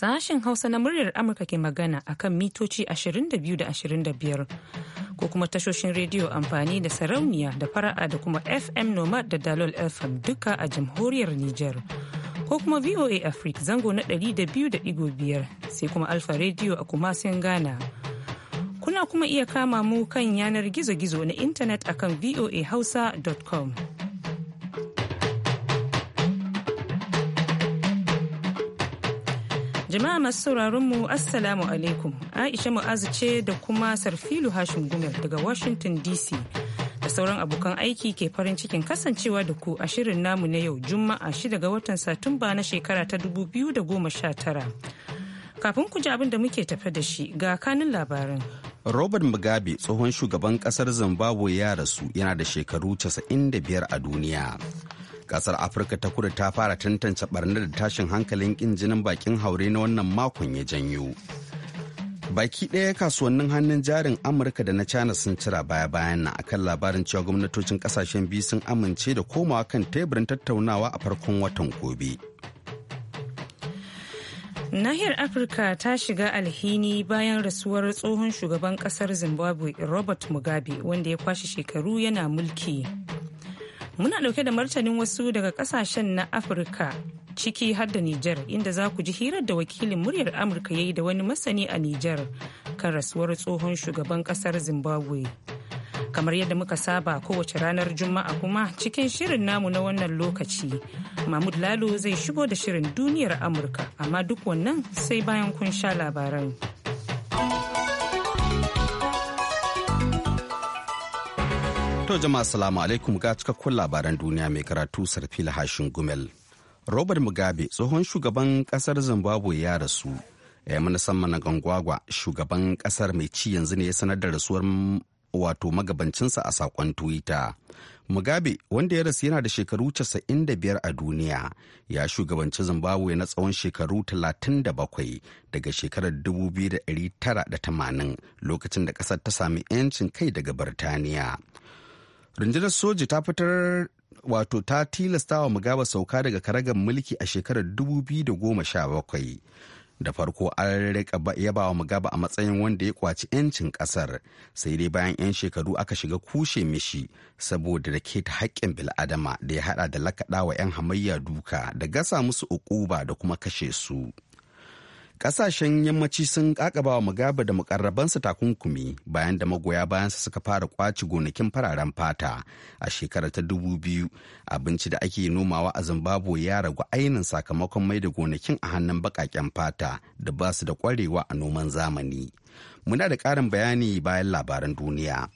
sashen Hausa na muryar Amurka ke magana a kan mitoci 22 da 25 ko kuma tashoshin rediyo amfani da sarauniya da fara'a da kuma FM Nomad da Dalol FM duka a jamhuriyar Niger Ko kuma VOA Africa zango na 200.5 sai kuma Alfa rediyo a kumasin gana Kuna kuma iya kama mu kan yanar gizo-gizo na intanet akan voahausa.com. Jama'a masu sauraron mu Assalamu alaikum. Aisha Mu'azu ce da kuma Sarfilu Hashim Gumel daga Washington DC. Da sauran abokan aiki ke farin cikin kasancewa da ku a shirin namu na yau Juma'a 6 ga watan Satumba na shekara ta 2019. Kafin ku ji abin da muke tafe da shi ga kanin labarin. Robert Mugabe tsohon shugaban kasar Zimbabwe ya rasu yana da shekaru 95 a duniya. kasar afirka ta kudu ta fara tantance barnar da tashin hankalin kin jinin bakin haure na wannan makon ya janyo baki ɗaya kasuwannin hannun jarin amurka da na china sun cira baya bayan na akan labarin cewa gwamnatocin kasashen biyu sun amince da komawa kan teburin tattaunawa a farkon watan gobe nahiyar afirka ta shiga alhini bayan rasuwar tsohon shugaban kasar zimbabwe robert mugabe wanda ya kwashe shekaru yana mulki Muna ɗauke da martanin wasu daga ƙasashen na Afirka ciki har da Nijar inda za ku ji hirar da wakilin muryar Amurka ya yi da wani masani a Nijar kan rasuwar tsohon shugaban ƙasar Zimbabwe. Kamar yadda muka saba kowace ranar Juma'a kuma cikin shirin namu na wannan lokaci, Mahmud Lalo zai shigo da shirin duniyar Amurka amma duk wannan sai bayan kun sha labaran. To jama'a salamu alaikum ga cikakkun labaran duniya mai karatu sarfi lahashin gumel. Robert Mugabe tsohon shugaban kasar Zimbabwe ya rasu. Ya eh, mana na gangwagwa shugaban kasar mai ci yanzu ne ya sanar da rasuwar wato magabancinsa a sakon Twitter. Mugabe wanda ya rasu yana da shekaru 95 a duniya ya shugabanci Zimbabwe na tsawon shekaru 37 daga shekarar tamanin lokacin da kasar ta sami 'yancin kai daga Birtaniya. rundunar soji ta fitar wato ta tilasta wa mugaba sauka daga karagar mulki a shekarar 2017 da farko an rika yaba wa mugaba a matsayin wanda ya kwaci 'yancin kasar sai dai bayan 'yan shekaru aka shiga kushe mishi saboda da keta haƙƙin bil'adama da ya hada da lakaɗa wa 'yan hamayya duka da gasa musu ukuba da kuma kashe su. Ƙasashen yammaci sun kakaba wa Mugabe da mukarrabansa takunkumi bayan da magoya bayansa suka fara kwaci gonakin fararen fata a shekarar ta dubu biyu abinci da ake nomawa a Zimbabwe ya ragu ainin sakamakon mai da gonakin a hannun baƙaƙen fata da ba su da ƙwarewa a noman zamani. Muna da ƙarin bayani bayan labaran duniya.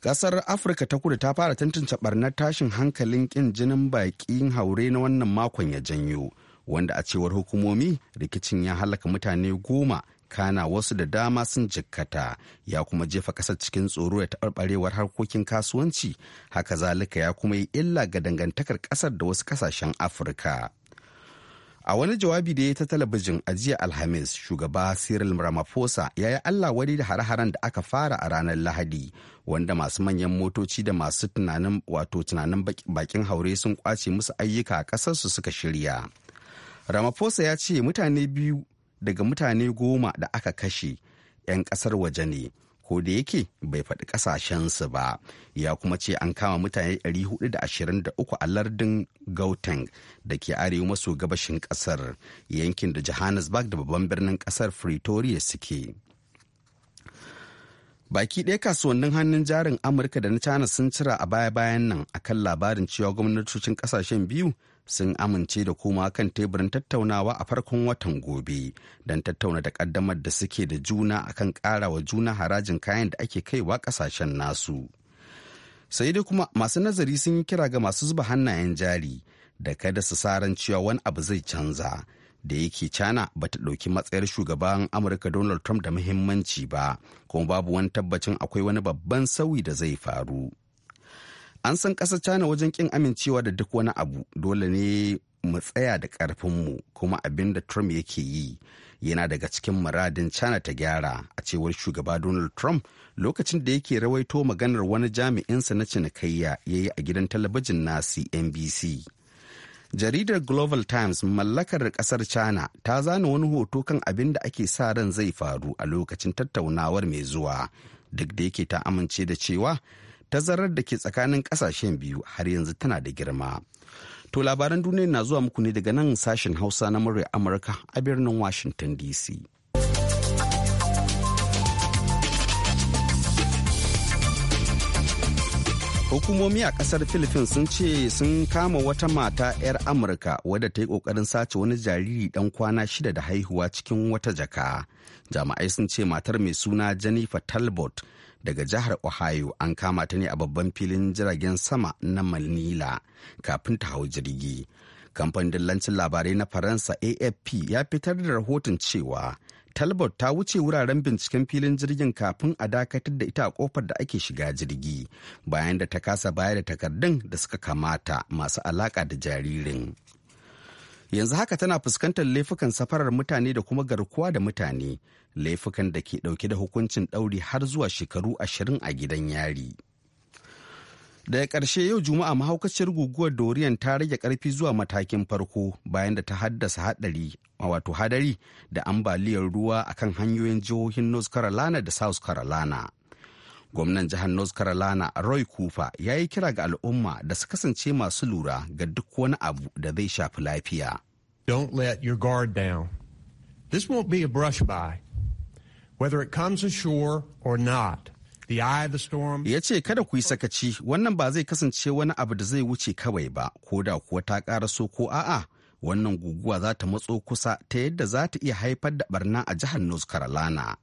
Kasar Afirka ta kudu ta fara tantance barnar tashin hankalin kin jinin baƙin haure na wannan makon ya janyo. wanda a cewar hukumomi rikicin ya halaka mutane goma kana wasu da dama sun jikkata ya kuma jefa kasar cikin tsoro da taɓarɓarewar harkokin kasuwanci haka zalika ya kuma yi illa ga dangantakar ƙasar da wasu ƙasashen afirka a wani jawabi da ya ta talabijin a jiya alhamis shugaba cyril ramaphosa ya yi allah wani da hare-haren da aka fara a ranar lahadi wanda masu manyan motoci da masu tunanin wato tunanin bakin haure sun kwace musu ayyuka a ƙasarsu suka shirya ramaphosa ya ce mutane biyu daga mutane goma da aka kashe 'yan kasar waje ne ko da yake bai faɗi ƙasashensu ba ya kuma ce an kama mutane 423 a lardin gauteng da ke arewa maso gabashin ƙasar yankin da johannesburg da babban birnin ƙasar pretoria suke baki ɗaya kasuwannin hannun jarin amurka da na china sun cira a baya-bayan nan akan labarin cewa gwamnatocin ƙasashen biyu sun amince da koma kan teburin tattaunawa a farkon watan gobe don tattauna da kaddamar da suke da juna akan karawa juna harajin kayan da ake kaiwa kasashen nasu sai dai kuma masu nazari sun yi kira ga masu zuba hannayen jari da kada su saran cewa wani abu zai canza da yake cana ba ta ɗauki matsayar shugaban amurka donald trump da muhimmanci ba kuma babu wani tabbacin akwai wani babban sauyi da zai faru. an san ƙasar china wajen ƙin amincewa da duk wani abu dole ne mu tsaya da ƙarfinmu kuma abin da trump yake yi yana daga cikin muradin china ta gyara a cewar shugaba donald trump lokacin da yake rawaito maganar wani jami'insa na cinikayya ya yi a gidan talabijin na cnbc jaridar global times mallakar kasar china ta zana wani hoto kan abin da ake sa ran zai faru a lokacin tattaunawar mai zuwa duk da yake ta amince da cewa tazarar da ke tsakanin kasashen biyu har yanzu tana da girma. To labaran duniya na zuwa muku ne daga nan sashen Hausa na murya Amurka a birnin Washington DC. Hukumomi a kasar Philippines sun ce sun kama wata mata 'yar Amurka wadda ta yi kokarin sace wani jariri dan kwana shida da haihuwa cikin wata jaka. jama'ai sun ce matar mai suna Jennifer Talbot daga jihar ohio an kama ta ne a babban filin jiragen sama na manila kafin ta hau jirgi kamfanin dillancin labarai na faransa afp ya fitar da rahoton cewa talbot ta wuce wuraren binciken filin jirgin kafin a dakatar da ita a kofar da ake shiga jirgi bayan da ta kasa bayar da takardun da suka kamata masu alaka da jaririn yanzu haka tana fuskantar laifukan safarar mutane da kuma garkuwa da mutane laifukan da ke ɗauke da hukuncin ɗauri har zuwa shekaru ashirin a gidan yari. daga ƙarshe yau juma'a mahaukaciyar guguwar dorian ta rage ƙarfi zuwa matakin farko bayan da ta haddasa haɗari wato hadari da ambaliyar ruwa a kan hanyoyin jihohin north carolina da south carolina gwamnan jihar north carolina roy cooper ya yi kira ga al'umma da su kasance masu lura ga duk wani abu da zai shafi lafiya don't let your guard down this won't be a brush by whether it comes ashore or not. Ya ce kada ku yi sakaci wannan ba zai kasance wani abu da zai wuce kawai ba, ko da kuwa ta ƙara so ko a'a wannan guguwa za ta matso kusa ta yadda za ta iya haifar da barna a jihar North Carolina.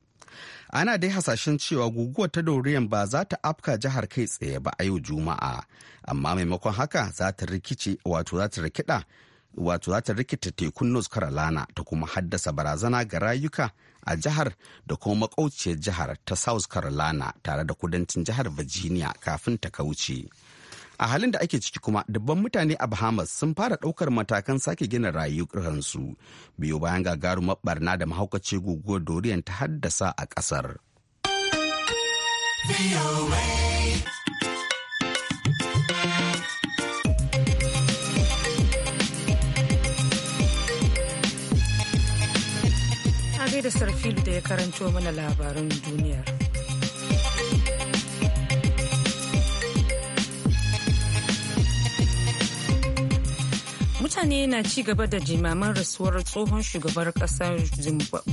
Ana dai hasashen cewa guguwar ta Dorian ba za ta afka jihar kai tsaye ba a yau Juma'a, amma maimakon haka za ta rikice wato za ta rikida wato za ta rikita tekun north carolina ta kuma haddasa barazana ga rayuka a jihar da kuma makauciyar jihar ta south carolina tare da kudancin jihar virginia kafin ta kauce a halin da ake ciki kuma dubban mutane a bahamas sun fara ɗaukar matakan sake gina rayukansu Biyo bayan gagarumar barna da mahaukaci guguwar dorian ta haddasa a ƙasar. Phil da ya karanto mana labaran duniyar. mutane na ci gaba da jimaman rasuwar tsohon shugabar ƙasar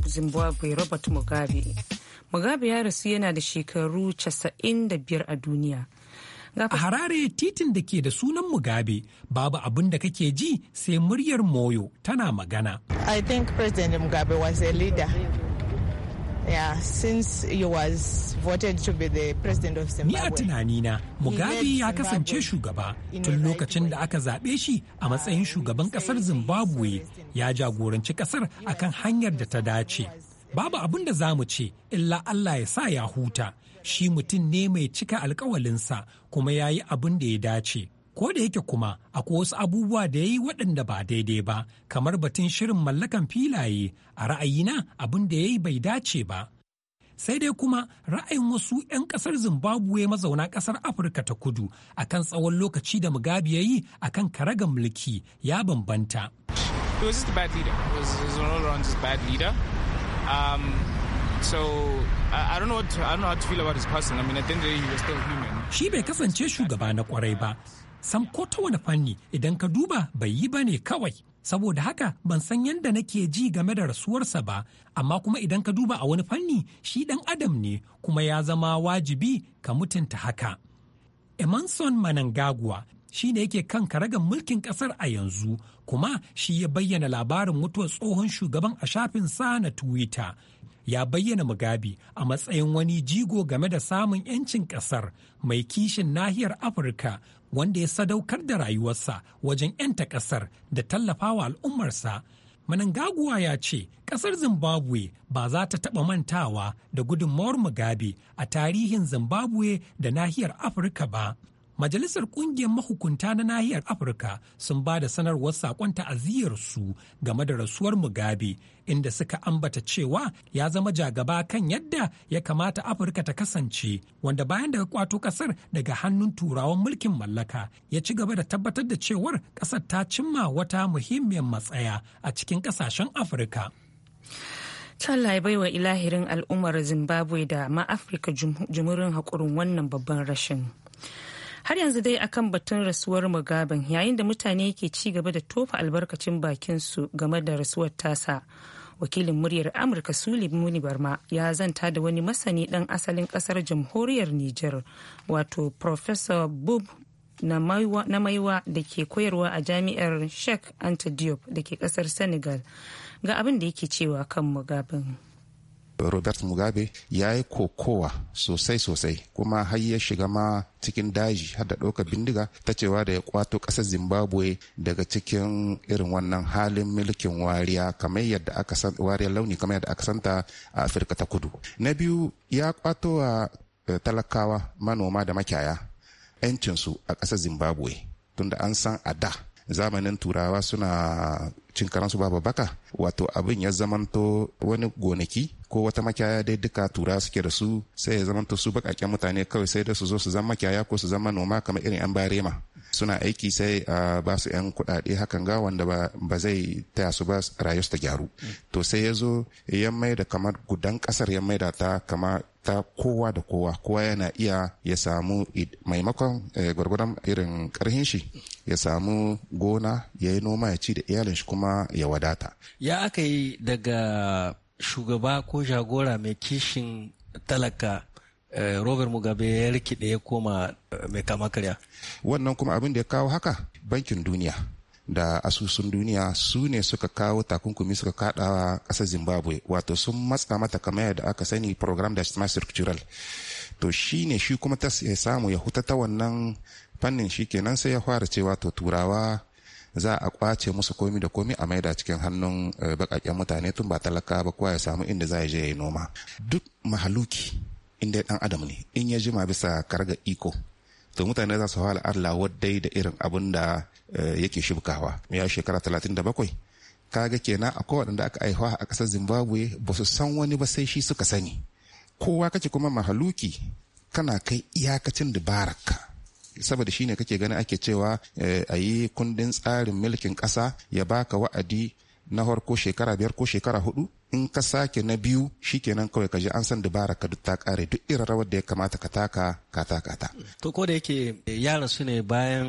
zimbabwe robert mugabe mugabe ya rasu yana da shekaru 95 a duniya a harare titin da ke da sunan mugabe babu abin da kake ji sai muryar moyo tana magana i think president mugabe was a leader Ni a tunanina, Mugabe ya kasance shugaba tun lokacin da aka zaɓe shi a matsayin shugaban ƙasar Zimbabwe ya jagoranci ƙasar a kan hanyar da ta dace. Babu abin da za mu ce, illa Allah ya sa ya huta, shi mutum ne mai cika alkawalinsa kuma ya yi abin da ya dace. ko da yake kuma akwai wasu abubuwa da ya waɗanda ba daidai ba kamar batun shirin mallakan filaye a ra'ayina abin da ya bai dace ba sai dai kuma ra'ayin wasu 'yan ƙasar zimbabwe mazauna ƙasar afirka ta kudu akan tsawon lokaci da mugabe ya yi akan karagan mulki ya bambanta Shi bai kasance shugaba na kwarai ba, San ko ta wani fanni idan ka duba bai yi ba ne kawai saboda haka ban san yadda nake ji game da rasuwarsa ba amma kuma idan ka duba a wani fanni shi dan adam ne kuma ya zama wajibi ka mutunta haka emanson manangagwa shi ne yake kan karagan mulkin kasar a yanzu kuma shi ya bayyana labarin mutuwar tsohon shugaban a shafinsa na twitter ya bayyana Mugabe a matsayin wani jigo game da samun 'yancin ƙasar mai kishin nahiyar Afirka wanda ya sadaukar da rayuwarsa wajen 'yanta ƙasar da tallafawa al'ummarsa. Manangaguwa ya ce ƙasar Zimbabwe ba za ta taɓa mantawa da gudunmawar Mugabe a tarihin Zimbabwe da nahiyar Afirka ba. Majalisar Ƙungiyar Mahukunta na Nahiyar Afirka sun ba da sanarwar saƙon ta'aziyyarsu game da rasuwar Mugabe, inda suka ambata cewa ya zama jagaba kan yadda ya kamata Afirka ta kasance, wanda bayan daga kwato ƙasar daga hannun turawan mulkin mallaka ya ci gaba da tabbatar da cewar ƙasar ta cimma wata muhimmiyar matsaya a cikin ƙasashen Afirka. Allah ya baiwa ilahirin al'ummar Zimbabwe da ma Afirka jumurin haƙurin wannan babban rashin. har yanzu dai akan batun rasuwar mugaben yayin da mutane ke ci gaba da tofa albarkacin su game da rasuwar tasa wakilin muryar amurka suli muni barma ya zanta da wani masani dan asalin kasar jamhuriyar niger wato professor bub na maiwa da ke koyarwa a jami'ar sheikh anta diop da ke kasar senegal ga abin da yake cewa kan mugabin. robert mugabe ya yi kokowa sosai-sosai kuma har ya shiga ma cikin daji har da ɗaukar bindiga ta cewa da ya kwato ƙasar zimbabwe daga cikin irin wannan halin mulkin wariya kamar yadda aka san wariyar launi kamar yadda aka santa a afirka ta kudu na biyu ya kwato wa eh, talakawa manoma da makiyaya 'yancinsu a ƙasar zimbabwe tunda an san a da zamanin turawa suna cin karansu babu baka wato abin ya zamanto wani gonaki ko wata makiyaya dai duka tura suke da su sai ya zamanto su bakaken mutane kawai sai da su zo su zama makiyaya ko su zama noma kamar irin yan barema suna aiki sai a ba su 'yan kuɗaɗe hakan ga wanda ba zai taya su ba rayu ta gyaru to sai ya zo ya maida kamar gudan ƙasar ya maida ta kama ta kowa da kowa kowa yana iya ya samu maimakon eh, gwargwadon irin karhin shi ya samu gona ya yi noma ya ci da iyalin shi kuma ya wadata ya aka yi daga shugaba ko jagora mai kishin talaka Eh, robert mugabe ya rikide ya koma eh, mai kama karya wannan kuma abin da ya kawo haka bankin duniya da asusun duniya su ne suka kawo takunkumi suka kada ƙasar zimbabwe wato sun matsa mata kamar yadda aka sani program da smart structural to shi ne shi kuma ta samu ya huta ta wannan fannin shi kenan sai ya fara cewa to turawa za a kwace musu komi da komi a maida cikin hannun eh, bakaken mutane tun ba talaka ba kowa ya samu inda za ya je ya yi noma duk mahaluki in dai dan adam ne in ya jima bisa karga iko to mutane za su hala Allah waddai da irin abun da eh, yake shibkawa ya shekara 37 kaga kenan akwai waɗanda aka aihuwa a ƙasar Zimbabwe ba su san wani ba sai shi suka sani kowa kake kuma mahaluki kana kai iyakacin dabararka saboda shine kake ganin ake cewa eh, a yi kundin tsarin mulkin ƙasa ya baka wa'adi na harko shekara biyar ko shekara hudu in ka sake na biyu shi kenan kawai ka je an san dabara ka duk ta kare duk irin rawar da ya kamata ka taka ka taka ta to ko da yake yara su ne bayan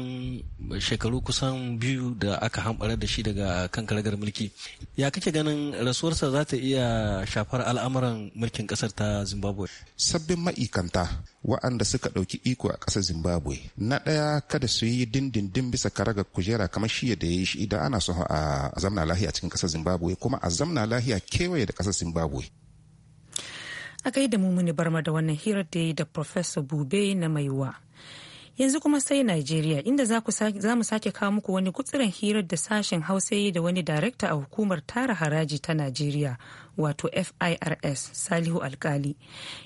shekaru kusan biyu da aka hambarar da shi daga kan karagar mulki ya kake ganin rasuwarsa za ta iya shafar al'amuran mulkin kasar ta Zimbabwe sabbin ma'ikanta waɗanda suka ɗauki iko a ƙasar zimbabwe na ɗaya kada su yi dindindin bisa karagar kujera kamar shi da ya yi shi idan ana so a zamna lahiya cikin ƙasar zimbabwe kuma a zamna lahiya kewaye da ƙasar zimbabwe a gaida mu muni barma da wannan hirar da yi da professor bube na maiwa yanzu kuma sai Najeriya inda za mu sake kawo muku wani gutsiran hirar da sashen Hausa yi da wani darekta a hukumar tara haraji ta Najeriya wato FIRS Salihu Alkali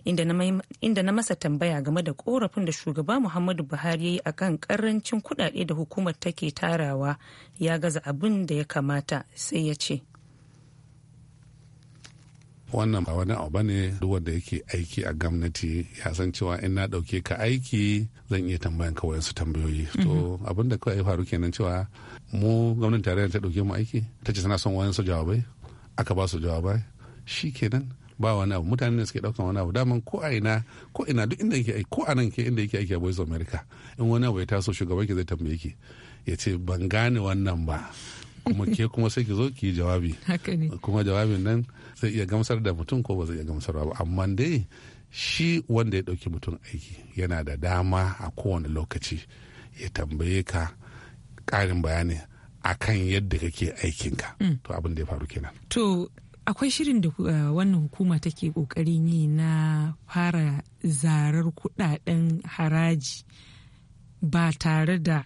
inda na masa tambaya game da korafin da shugaba Muhammadu Buhari ya yi a kan karancin kudade da hukumar take tarawa ya gaza abin da ya kamata sai ya ce. wannan ba wani abu bane duk wanda yake aiki a gwamnati ya san cewa in na dauke ka aiki zan iya tambayan ka wayansu tambayoyi to mhm. abin da kawai faru kenan cewa mu gwamnati tarayya ta dauke mu aiki ta ce tana son wayansu jawabai aka ba su jawabai shi kenan ba wani abu mutanen da suke daukan wani abu daman ko a ina ko ina duk inda yake aiki ko a nan ke inda yake aiki a Voice America in wani abu ya taso shugaban ki zai tambaye ki ya ce ban gane wannan ba kuma ke kuma sai ki zo ki jawabi kuma jawabin nan zai iya gamsar da mutum ko ba zai iya gamsarwa ba amma dai shi wanda ya ɗauki mutum aiki yana da dama a kowane lokaci ya tambaye ka ƙarin bayani a kan yadda kake aikinka mm. to abin da ya faru kenan to akwai shirin da eh, wannan hukuma take kokarin yi na fara zarar kudaden haraji ba tare da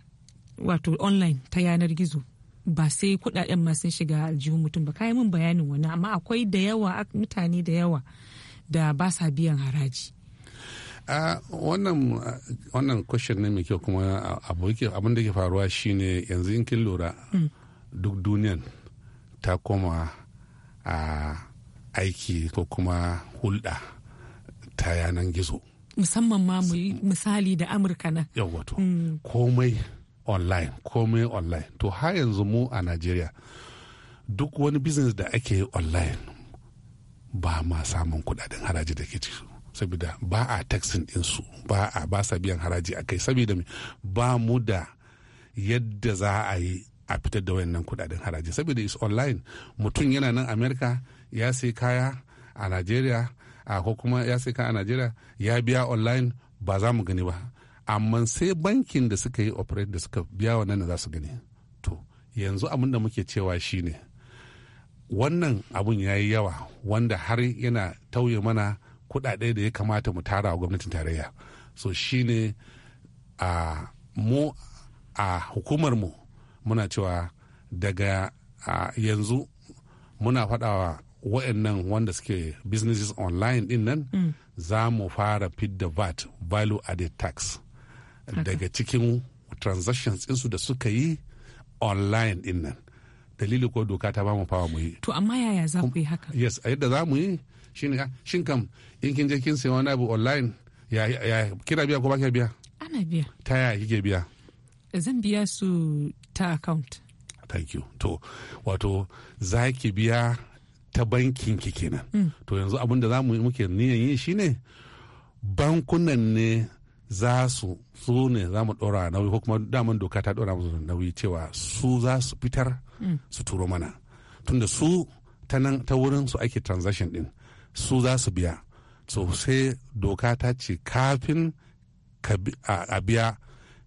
wato online ta yanar gizo ba sai kudaden ma sun shiga aljihun mutum ba kayan min bayanin wani amma akwai da yawa mutane da yawa da ba sa biyan haraji wannan kushin ne mai kyau kuma abin da ke faruwa shine yanzu in kin lura mm. duk duniyan ta koma a aiki ko kuma hulɗa ta yanar gizo musamman ma misali da amurka na wato mm. komai online komai online to har yanzu mu a najeriya duk wani business da ake yi online ba ma samun kudaden haraji da ke ciki saboda ba a taxin dinsu ba a ba sa biyan haraji a kai saboda ba mu da yadda za a yi a fitar da wayannan kudaden haraji saboda is online mutum yana nan america ya sai kaya a nigeria a ko kuma ya sai kaya a nigeria ya biya online ba za mu gani ba amma sai bankin da suka yi operate da suka biya wannan za su gani to yanzu abin da muke cewa shine wannan abun ya yi yawa wanda har yana tauye mana kuɗaɗe da ya kamata mu tara gwamnatin tarayya so shine a mu a hukumar mu muna cewa daga a yanzu muna faɗawa wa'annan wanda suke businesses online din nan mm. za mu fara fidda vat value added tax daga cikin transactions ɗinsu da suka yi online in nan dalili ko doka ta bamu fawa mu yi to amma yaya za ku yi haka yes a yadda za mu yi shine ah, shin kam in kin je kin sayi wani abu online ya ya kina biya ko ba kina biya ana biya ta yaya kike biya zan biya su ta account thank you to wato za ki biya ta bankin ki kenan mm. to yanzu abin da za mu yi muke niyan yi shine bankunan ne za su su ne za mu ɗora nauyi ko kuma daman doka ta ɗora musu nauyi cewa su za su fitar mm. su turo mana tunda su ta nan ta wurin su ake transaction din su za su biya so sai doka ta ce kafin a biya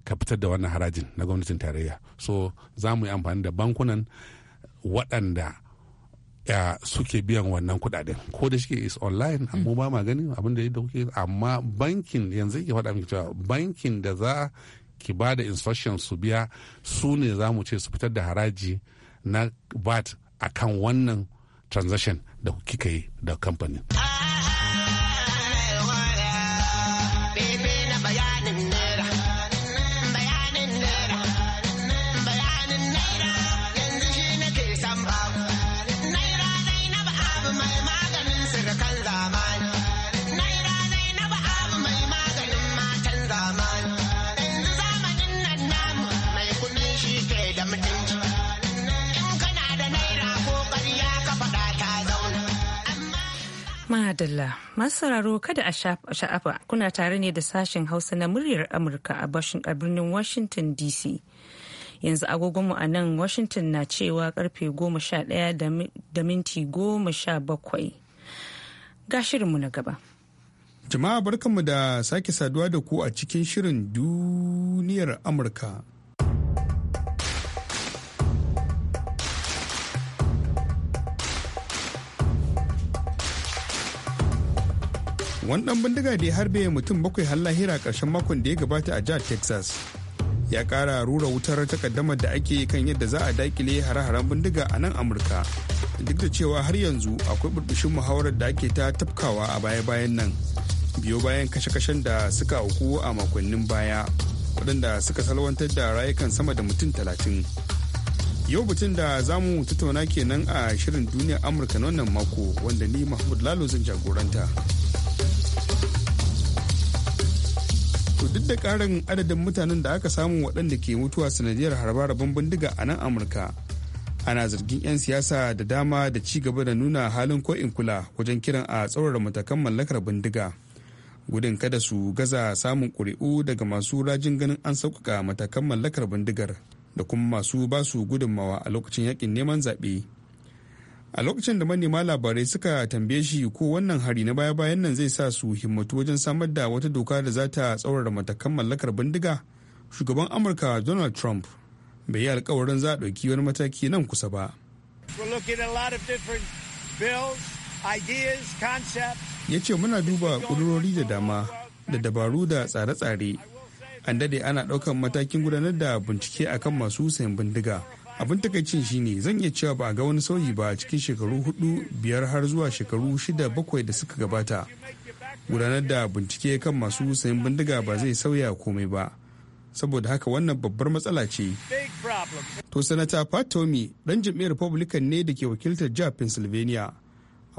ka fitar da wannan harajin na gwamnatin tarayya so za mu yi amfani da bankunan waɗanda ya suke biyan wannan kudaden ko da shike is online amma ba gani abin da kuke amma bankin yanzu ke faɗa miki cewa bankin da za ki ba da instruction su biya su ne za mu ce su fitar da haraji na VAT akan wannan transaction da kika yi da kamfanin. Ah, Adalla masu kada a sha'afa kuna tare ne da sashen Hausa na muryar Amurka a birnin Washington DC. Yanzu agogonmu a nan Washington na cewa karfe 11 da minti 17. Ga shirinmu na gaba. Jama'a barkanmu da sake saduwa da ku a cikin shirin duniyar Amurka. wani dan bindiga da ya harbe mutum bakwai har lahira karshen makon da ya gabata a jihar texas ya kara rura wutar takaddamar da ake kan yadda za a dakile hare-haren bindiga a nan amurka duk da cewa har yanzu akwai burbushin muhawarar da ake ta tafkawa a baya-bayan nan biyo bayan kashe-kashen da suka auku a makonnin baya waɗanda suka salwantar da rayukan sama da mutum talatin yau batun da za mu tattauna kenan a shirin duniyar amurka na wannan mako wanda ni mahmud lalo zan jagoranta to duk da karin adadin mutanen da aka samu waɗanda ke mutuwa sanadiyar harba bindiga a nan amurka ana zargin 'yan siyasa da dama da ci gaba da nuna halin ko'in kula wajen kiran a tsaurara matakan mallakar bindiga gudun kada su gaza samun ƙuri'u daga masu rajin ganin an sauƙaƙa matakan mallakar bindigar da kuma masu basu su gudunmawa a lokacin yakin neman zaɓe a lokacin da manema labarai suka tambaye shi ko wannan hari na baya-bayan nan zai sa su himmatu wajen samar da wata doka da za ta tsaurara matakan mallakar bindiga shugaban amurka donald trump bai yi alkawarin za a ɗauki wani mataki nan kusa ba ya ce muna duba ƙudurori da dama da dabaru da tsare-tsare an dade ana ɗaukan matakin gudanar da bincike akan masu sayan bindiga abin takaicin shine zan iya cewa ba a ga wani sauyi ba cikin shekaru hudu biyar har zuwa shekaru shida bakwai da suka gabata gudanar da bincike kan masu sayan bindiga ba zai sauya komai ba saboda haka wannan babbar matsala ce to sanata pat tommy dan jam'iyyar republican ne da ke wakiltar jihar pennsylvania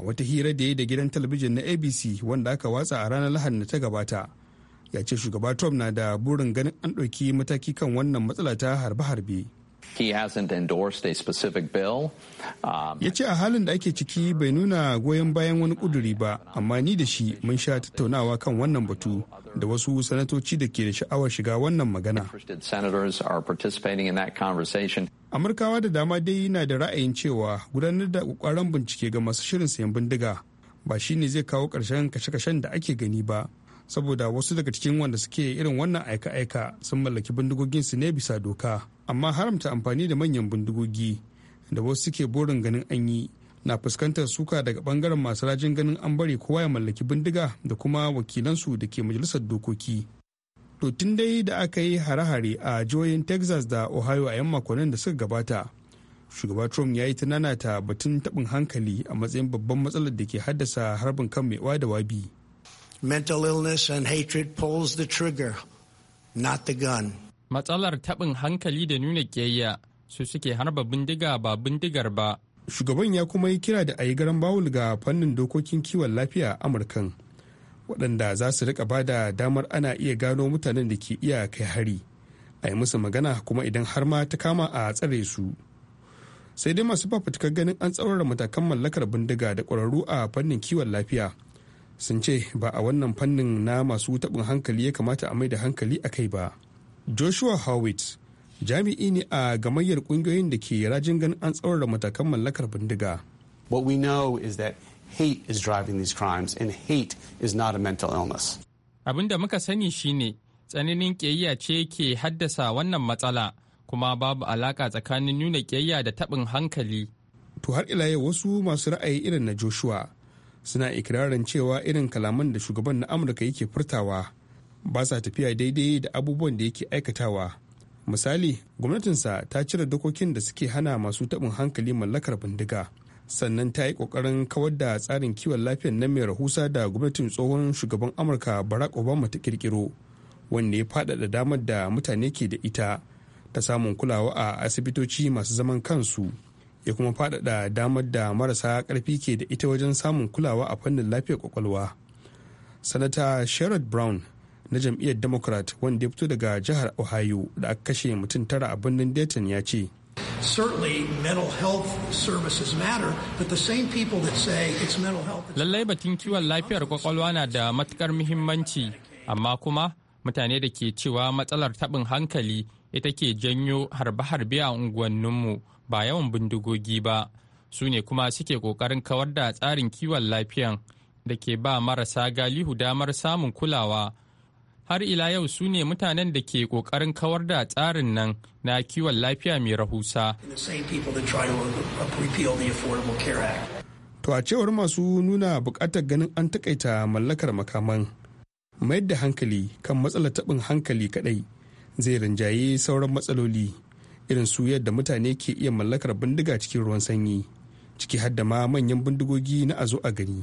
a wata hira da ya yi da gidan talabijin na abc wanda aka watsa a ranar lahadi ta gabata ya ce shugaba trump na da burin ganin an ɗauki mataki kan wannan matsala ta harbe-harbe Um, ya ce a halin da ake ciki bai nuna goyon bayan wani kuduri ba, amma ni da shi mun sha tattaunawa kan wannan batu da wasu sanatoci da ke da sha'awar shiga wannan magana. Amurkawa da dama dai na da ra'ayin cewa gudanar da kwakwaran bincike ga masu shirin sayan bindiga ba shi ne zai kawo ƙarshen kashe-kashen da ake gani ba. Saboda wasu daga cikin wanda suke irin wannan aika-aika sun mallaki bindigoginsu ne bisa doka. amma haramta amfani da manyan bindigogi da wasu suke burin ganin an yi na fuskantar suka daga bangaren masu rajin ganin an bari kowa ya mallaki bindiga da kuma wakilansu da ke majalisar dokoki to tun dai da aka yi hare-hare a jihohin texas da ohio a yan makonnin da suka gabata shugaba trump ya yi tunana ta batun tabin hankali a matsayin babban matsalar da ke haddasa harbin kan mai da wabi mental illness and hatred pulls the trigger not the gun matsalar taɓin hankali da nuna ƙiyayya su suke harba bindiga ba bindigar ba shugaban ya kuma yi kira da ayi yi garan bawul ga fannin dokokin kiwon lafiya a amurkan waɗanda za su riƙa ba da damar ana iya gano mutanen da ke iya kai hari a yi musu magana kuma idan har ma ta kama a tsare su sai dai masu fafutukar ganin an tsaurara matakan mallakar bindiga da ƙwararru a fannin kiwon lafiya sun ce ba a wannan fannin na masu taɓin hankali ya kamata a mai da hankali a kai ba. joshua howitt jami'i ne a gamayyar kungiyoyin da ke rajin ganin an tsaurara matakan mallakar bindiga what we know is that hate is driving these crimes and hate is not a mental illness abin da muka sani shine tsananin ƙiyayya ce ke haddasa wannan matsala kuma babu alaka tsakanin nuna ƙiyayya da taɓin hankali to har ila yau wasu masu ra'ayi irin na joshua suna ikirarin cewa irin kalaman da shugaban na amurka yake furtawa ba sa tafiya daidai da abubuwan da yake aikatawa misali gwamnatinsa ta cire dokokin da suke hana masu taɓin hankali mallakar bindiga sannan ta yi ƙoƙarin kawar da tsarin kiwon lafiyar na mai rahusa da gwamnatin tsohon shugaban amurka barack obama ta kirkiro wanda ya faɗaɗa damar da mutane ke da ita ta samun kulawa a asibitoci masu zaman kansu ya kuma faɗaɗa damar da marasa ƙarfi ke da ita wajen samun kulawa a fannin lafiyar ƙwaƙwalwa sanata sherrod brown na jam'iyyar democrat wanda ya fito daga jihar ohio da aka kashe mutum tara a birnin dayton ya ce lallai batun kiwon lafiyar kwakwalwa na da matukar muhimmanci amma kuma mutane da ke cewa matsalar taɓin hankali ita ke janyo harbe-harbe a unguwanninmu ba yawan bindigogi ba su ne kuma suke ƙoƙarin kawar da tsarin kiwon lafiyan da ke ba marasa galihu damar samun kulawa har ila yau su ne mutanen da ke kokarin kawar da tsarin nan na kiwon lafiya mai rahusa. To a cewar masu nuna bukatar ganin an takaita mallakar makaman, mayar da hankali kan matsala taɓin hankali kaɗai zai rinjaye sauran matsaloli irin su yadda mutane ke iya mallakar bindiga cikin ruwan sanyi, ciki har da ma manyan bindigogi na a a gani.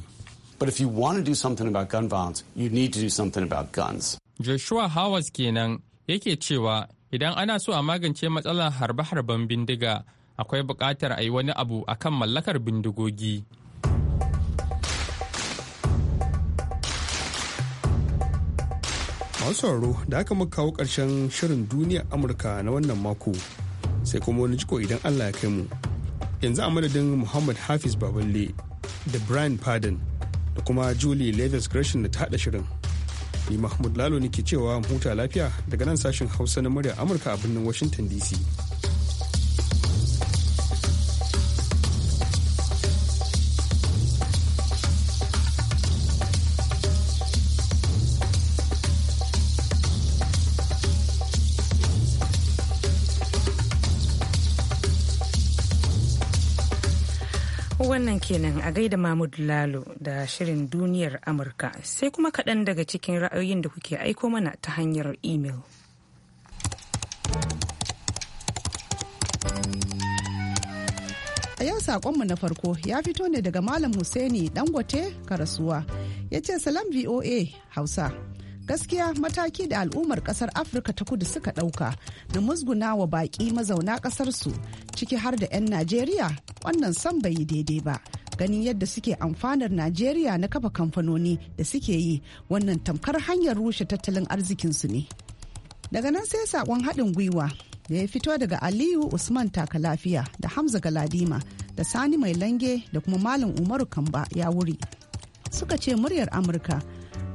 But if you want to do something about gun violence, you need to do something about guns. Joshua Howard kenan yake cewa idan ana so a magance matsalar harbe-harben bindiga akwai buƙatar a yi wani abu a kan mallakar bindigogi. masu sauraro da aka muka kawo ƙarshen shirin duniya amurka na wannan mako sai kuma wani jiko idan allah ya kai mu yanzu a madadin muhammad hafiz baballe da brian padden da kuma julie levis gresham da ta haɗa shirin ni mahmud lalo nake cewa huta lafiya daga nan sashen hausa na murya amurka a birnin washington dc kenan a gaida Mahmud Lalo da shirin duniyar Amurka sai kuma kaɗan daga cikin ra'ayoyin da kuke aiko mana ta hanyar imel. A yau saƙonmu na farko ya fito ne daga Malam Husaini Dangote Karasuwa ya ce salam VOA Hausa. gaskiya mataki da al'ummar kasar afirka ta kudu suka ɗauka na musguna wa baƙi mazauna ƙasarsu ciki har da 'yan najeriya wannan san bai yi daidai ba ganin yadda suke amfanar najeriya na kafa kamfanoni da suke yi wannan tamkar hanyar rushe tattalin arzikinsu ne daga nan sai saƙon haɗin gwiwa da ya fito daga aliyu usman takalafiya da hamza galadima da sani mai lange da kuma malam umaru kamba ya wuri suka ce muryar amurka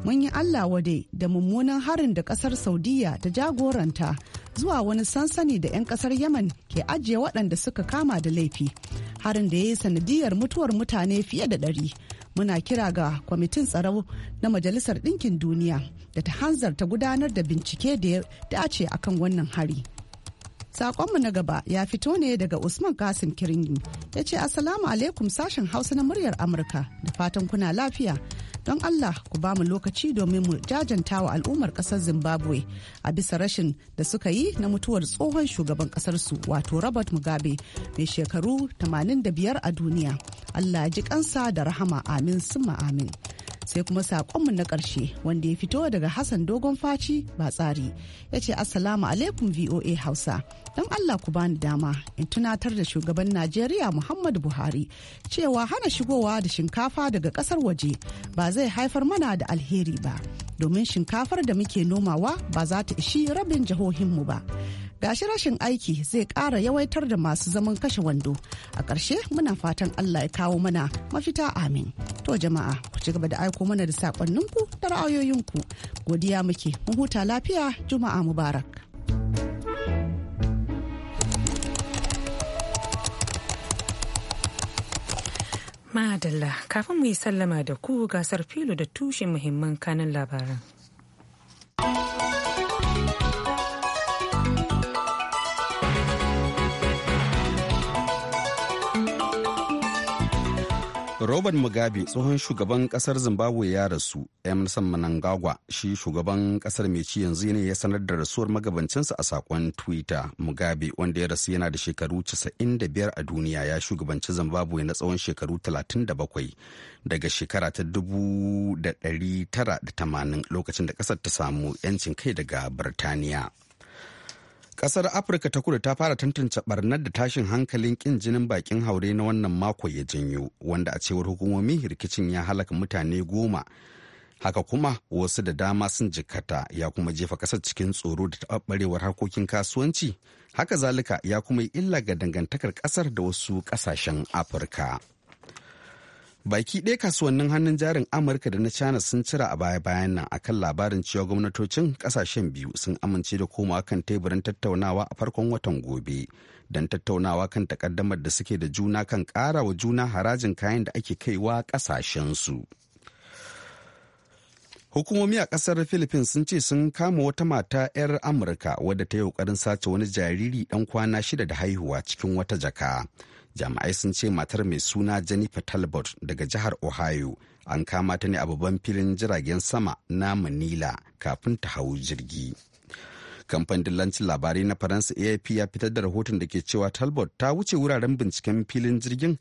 mun yi allah wade da mummunan harin da ƙasar saudiya ta jagoranta zuwa wani sansani da 'yan kasar Yemen ke ajiye waɗanda suka kama da laifi. Harin da ya yi sanadiyar mutuwar mutane fiye da ɗari. Muna kira ga kwamitin tsaro na Majalisar Ɗinkin Duniya da ta hanzarta gudanar da bincike da ya dace akan wannan hari. Sakonmu na gaba ya fito ne daga Usman Kasim Kiringi ya ce asalamu alaikum sashen Hausa na muryar Amurka da fatan kuna lafiya. don Allah ku ba mu lokaci domin mu jajanta wa al'ummar kasar Zimbabwe a bisa rashin da suka yi na mutuwar tsohon shugaban su wato Robert Mugabe mai shekaru 85 a duniya. Allah ji kansa da rahama amin summa amin. sai kuma saƙonmu na ƙarshe wanda ya fito daga Hassan Dogon Faci ba tsari ya ce Assalamu alaikum VOA Hausa don Allah ku bani dama in tunatar da shugaban Najeriya Muhammadu Buhari cewa hana shigowa da shinkafa daga kasar waje ba zai haifar mana da alheri ba domin shinkafar da muke nomawa ba za ta ishi rabin jihohinmu ba. Gashi rashin aiki zai ƙara yawaitar da masu zaman kashe wando. A ƙarshe muna fatan Allah ya kawo mana mafita amin. To jama'a ku ci gaba da aiko mana da saƙonninku da ra'ayoyinku. Godiya muke, mu huta lafiya, Juma'a Mubarak. Madalla kafin mu yi sallama da ku gasar filo da tushen muhimman kanin labaran. Robert Mugabe tsohon shugaban kasar Zimbabwe ya rasu, Emerson Mnangagwa shi shugaban kasar mai ci yanzu ne ya sanar da rasuwar magabancinsa a sakon Twitter. Mugabe wanda ya rasu yana da shekaru 95 a duniya ya shugabanci Zimbabwe na tsawon shekaru 37 daga shekara ta 1980 lokacin da kasar ta samu 'yancin kai daga Birtaniya. Kasar Afirka ta kudu ta fara tantance barnar da tashin hankalin kin jinin bakin haure na wannan mako ya janyo, wanda a cewar hukumomi rikicin ya halaka mutane goma. Haka kuma wasu da dama sun jikkata ya kuma jefa kasar cikin tsoro da taɓarɓarewar harkokin kasuwanci. Haka zalika ya kuma yi illa ga dangantakar kasar da wasu ƙasashen Afirka. baki ɗaya kasuwannin hannun jarin amurka da na china sun cira a baya bayan nan akan labarin cewa gwamnatocin ƙasashen biyu sun amince da komawa kan teburin tattaunawa a farkon watan gobe don tattaunawa kan takaddamar da suke da juna kan ƙara wa juna harajin kayan da ake kaiwa su. hukumomi a ƙasar philippines sun ce sun kama wata mata 'yar amurka wadda ta yi ƙoƙarin sace wani jariri ɗan kwana shida da haihuwa cikin wata jaka jami'ai sun ce matar mai suna jennifer talbot daga jihar ohio an kama ta ne a babban filin jiragen sama na manila kafin ta hau jirgi kamfanin dillancin labarai na faransa afp ya fitar da rahoton da ke cewa talbot ta wuce wuraren binciken filin jirgin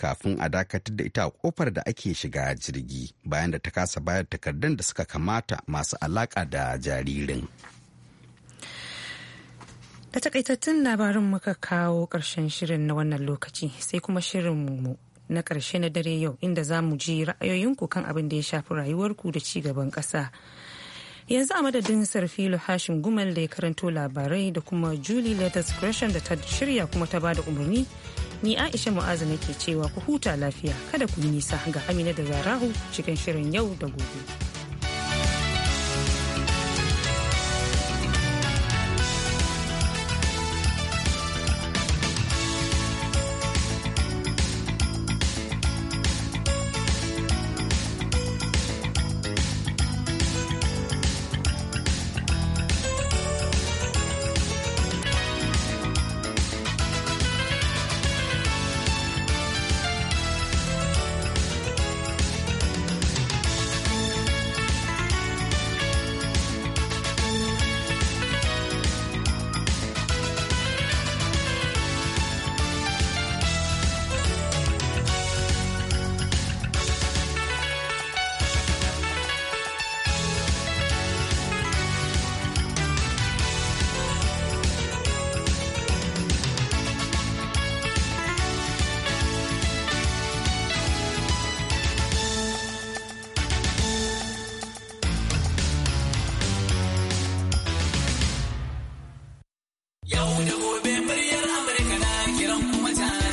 kafin a dakatar da ita a kofar da ake shiga jirgi bayan da ta kasa bayar takardun da suka kamata masu alaka da jaririn. Da takaitattun labarin muka kawo ƙarshen shirin na wannan lokaci sai kuma shirin mu na ƙarshe na dare yau inda za mu ji ra'ayoyinku kan abin da ya shafi rayuwarku da ci gaban ƙasa. Yanzu a madadin Sarfilo Hashim Gumal da ya karanto labarai da kuma Julie Letters Gresham da ta shirya kuma ta bada umarni. Ni Aisha Mu'azu nake cewa ku huta lafiya kada ku nisa ga Amina da Zarahu cikin shirin yau da gobe.